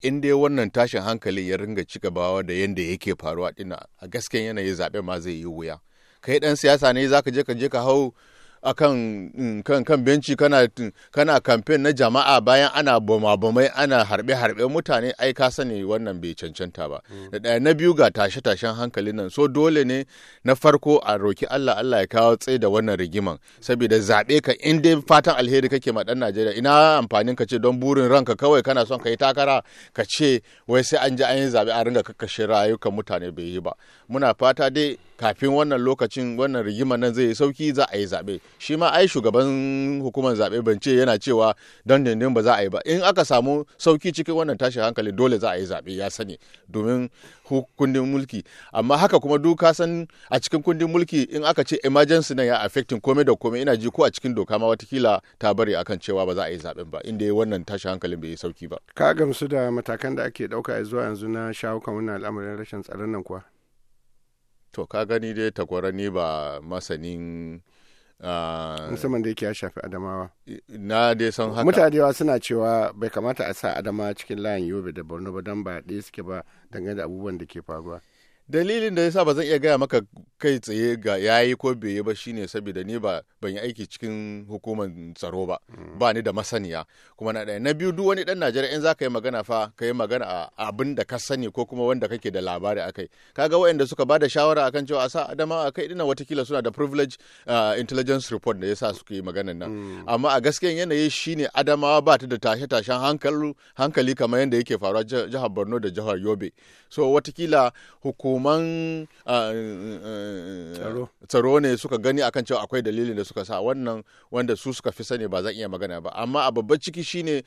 in dai wannan tashin hankalin ya ringa ci gabawa da yadda yake faruwa dina a gasken yanayi zaɓe ma zai yi wuya kai dan siyasa ne zaka je ka je ka hau a mm, kan kan benci kana mm, kana kamfen na jama'a bayan ana bama-bamai ana harbe-harbe mutane ai ka sani wannan bai cancanta ba da mm. ɗaya na biyu ga tashe-tashen hankalin nan so dole ne na farko a roki Allah Allah ya kawo tsaye da wannan rigiman saboda zaɓe ka in dai fatan alheri kake ma dan Najeriya ina amfanin ka ce don burin ranka kawai kana son ka yi takara ka ce wai sai an ji an yi zaɓe a ringa kakkashe rayukan mutane bai yi ba muna fata dai kafin wannan lokacin wannan rigima nan zai yi sauki za a yi zaɓe shi ma ai shugaban hukumar zaɓe bance yana cewa don dindin ba za a yi ba in aka samu sauki cikin wannan tashin hankali dole za a yi zaɓe ya sani domin kundin mulki amma haka kuma duka san a cikin kundin mulki in aka ce emergency na ya affecting komai da komai ina ji ko a cikin doka ma watakila ta bari akan cewa ba za a yi zaɓen ba inda wannan tashin hankalin bai yi sauki ba ka gamsu da matakan da ake ɗauka zuwa yanzu na shawo kan wannan al'amarin rashin tsaron nan kuwa to ka gani dai takwarani ba masanin Uh, musamman da yake ya shafi adamawa na dai san haka mutane suna cewa bai kamata a sa adamawa cikin layin yobe da borno ba don ba ɗaya suke ba dangane da abubuwan da ke faruwa dalilin da ya sa ba zan iya gaya maka kai tsaye ga ya yi ko bai yi ba shine saboda ni ba ban yi aiki cikin hukumar tsaro ba mm. ba ni da masaniya kuma na ɗaya na biyu duk wani ɗan najeriya in za ka yi magana fa ka yi magana a abin da ka sani ko kuma wanda kake da labari a kai ga waɗanda suka ba da shawara akan cewa a sa adama a kai ina watakila suna da privilege uh, intelligence report da ya sa suka yi maganan nan mm. amma a gaskiyan yanayi shine adamawa ba ta da tashe-tashen hankali kamar yadda yake faruwa jihar borno da jihar yobe so watakila hukuman uh, uh, Eh, tsaro ne suka gani akan cewa akwai dalilin da suka sa wannan wanda su suka fi sani ba zan iya magana ba amma a babban ciki shine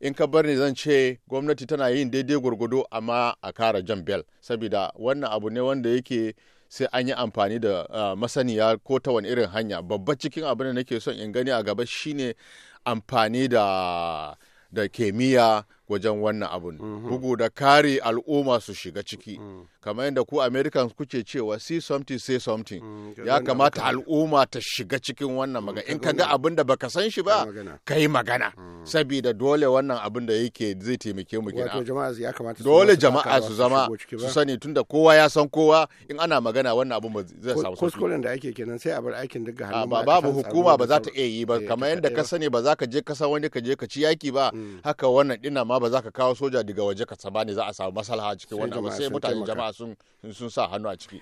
in ka bar ni zan ce gwamnati tana yin daidai gwargwado amma a kara jan bel saboda wannan abu ne wanda yake sai an yi amfani da eh, masaniya ko ta wani irin hanya babban cikin abin da nake son in gani a gaba shine amfani da da kimiyya wajen wannan abun mhm. bugu da kare al'umma su shiga ciki mhm. kamar yadda ku americans kuke cewa see something say something mm, ya kamata al'umma ta shiga cikin wannan mm, magana in ka ga abin da baka san shi ba ka yi magana mm. saboda dole wannan abin da yake zai taimake mu gina dole jama'a su zama su sani tunda kowa ya san kowa in ana magana wannan abin zai samu kuskuren da ake kenan sai a bar aikin duk ga hannun babu hukuma ba za ta iya yi ba eh, kamar yadda ka sani ba za ka je ka san wani ka je ka ci yaki ba haka wannan dina ma amma ba za ka kawo soja daga waje ka saba ne za a samu maslaha cikin wannan ba sai mutane jama'a sun sa hannu a ciki